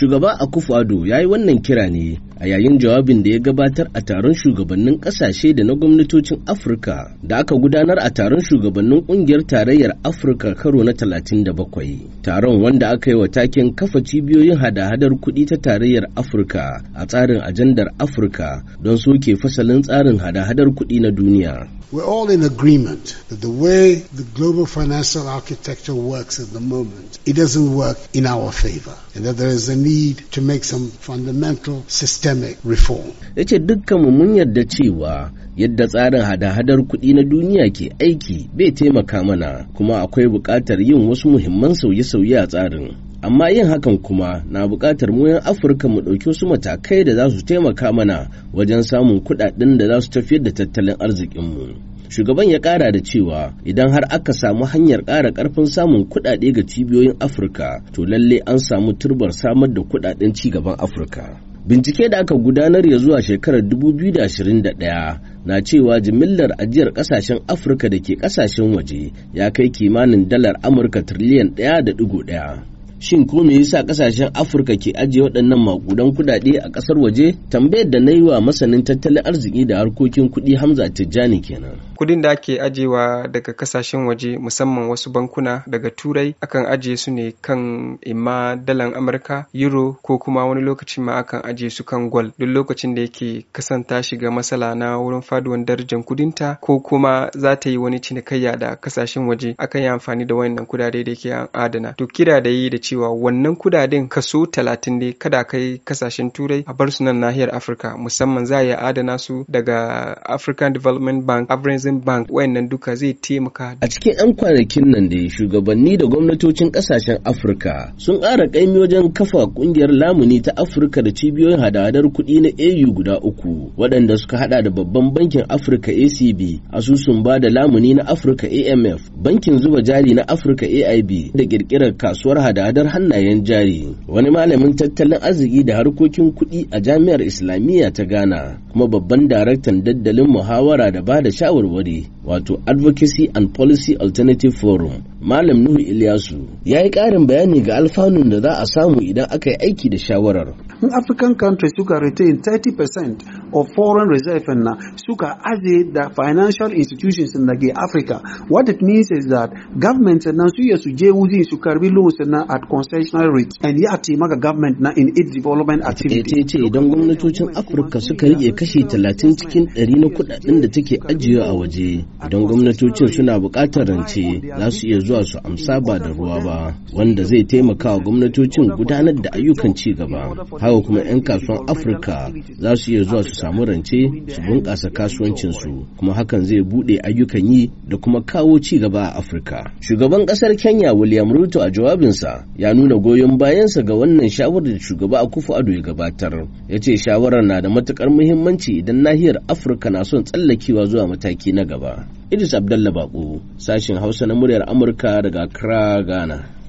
Shugaba a addo ya yi wannan kira ne a yayin jawabin da ya gabatar a taron shugabannin kasashe da na gwamnatocin Afirka da aka gudanar a taron shugabannin kungiyar tarayyar Afirka karo na 37. Taron wanda aka yi wa taken kafa cibiyoyin hada-hadar kuɗi ta tarayyar Afirka a tsarin ajandar Afirka don soke fasalin tsarin hada-hadar kuɗi na duniya. We're all in agreement that the way the global financial architecture works at the moment, it doesn't work in our favor, and that there is a need to make some fundamental systemic systemic reform. Ya ce dukkanmu mun yarda cewa yadda tsarin hada-hadar kuɗi na duniya ke aiki bai taimaka mana kuma akwai buƙatar yin wasu muhimman sauye-sauye a tsarin. Amma yin hakan kuma na buƙatar mu Afirka mu ɗauki wasu matakai da za su taimaka mana wajen samun kuɗaɗen da za su tafiyar da tattalin arzikinmu. shugaban ya ƙara da cewa idan har aka samu hanyar ƙara ƙarfin samun kuɗaɗe ga cibiyoyin afirka to lalle an samu turbar samar da ci gaban afirka Bincike da aka gudanar ya zuwa shekarar 2021 na cewa jimillar ajiyar kasashen Afirka da ke kasashen waje ya kai kimanin dalar Amurka triliyan 1.1. shin ko me yasa kasashen afirka ke ajiye waɗannan makudan kudade a ƙasar waje tambayar da na yi wa masanin tattalin arziki da harkokin kuɗi hamza tijjani kenan kudin da ake ajiyewa daga kasashen waje musamman wasu bankuna daga turai akan ajiye su ne kan imma dalan amurka euro ko kuma wani lokacin ma akan ajiye su kan gwal duk lokacin da yake kasanta shiga matsala na wurin faduwan darajar kudinta ko kuma za ta yi wani cinikayya da kasashen waje akan yi amfani da wannan kudade da yake adana to kira da yi da cewa wannan kudaden kaso talatin ne kada kai kasashen turai a bar su nan nahiyar afirka musamman za a iya adana su daga african development bank abrazin bank wayannan duka zai taimaka a cikin 'yan kwanakin nan da shugabanni da gwamnatocin kasashen afirka sun ƙara ƙaimi wajen kafa ƙungiyar lamuni ta afirka da cibiyoyin hadadar kudi kuɗi na au guda uku waɗanda suka hada da babban bankin afirka acb asusun ba da lamuni na afirka amf bankin zuba jari na afirka aib da ƙirƙirar kasuwar hada tsadar hannayen jari wani malamin tattalin arziki da harkokin kuɗi a jami'ar islamiyya ta ghana kuma babban daraktan daddalin muhawara da ba da shawarwari wato advocacy and policy alternative forum malam nuhu ilyasu ya yi ƙarin bayani ga alfanun da za a samu idan aka yi aiki da shawarar. in African countries suka retain 30% of foreign reserve na suka aje da financial institutions na ke Africa. What it means is that government na su ya su je su karbi loans na at concessional rate and ya taimaka government na in its development activity. ce idan gwamnatocin Afirka suka rike kashi 30 cikin 100 na kudaden da take ajiyewa a waje, idan gwamnatocin suna buƙatar rance za su iya zuwa su amsa ba da ruwa ba. wanda zai taimaka wa gwamnatocin gudanar da ayyukan ci gaba haka kuma 'yan kasuwan afirka za su iya zuwa su samu rance su bunƙasa kasuwancinsu kuma hakan zai buɗe ayyukan yi da kuma kawo ci gaba a afirka shugaban ƙasar kenya william ruto a jawabinsa ya nuna goyon bayansa ga wannan shawarar da shugaba kufu ado ya gabatar ya ce shawarar na da matuƙar muhimmanci idan nahiyar afirka na son tsallakewa zuwa mataki na gaba Idris Abdallah Bako, sashin Hausa na muryar Amurka daga Kra, Ghana.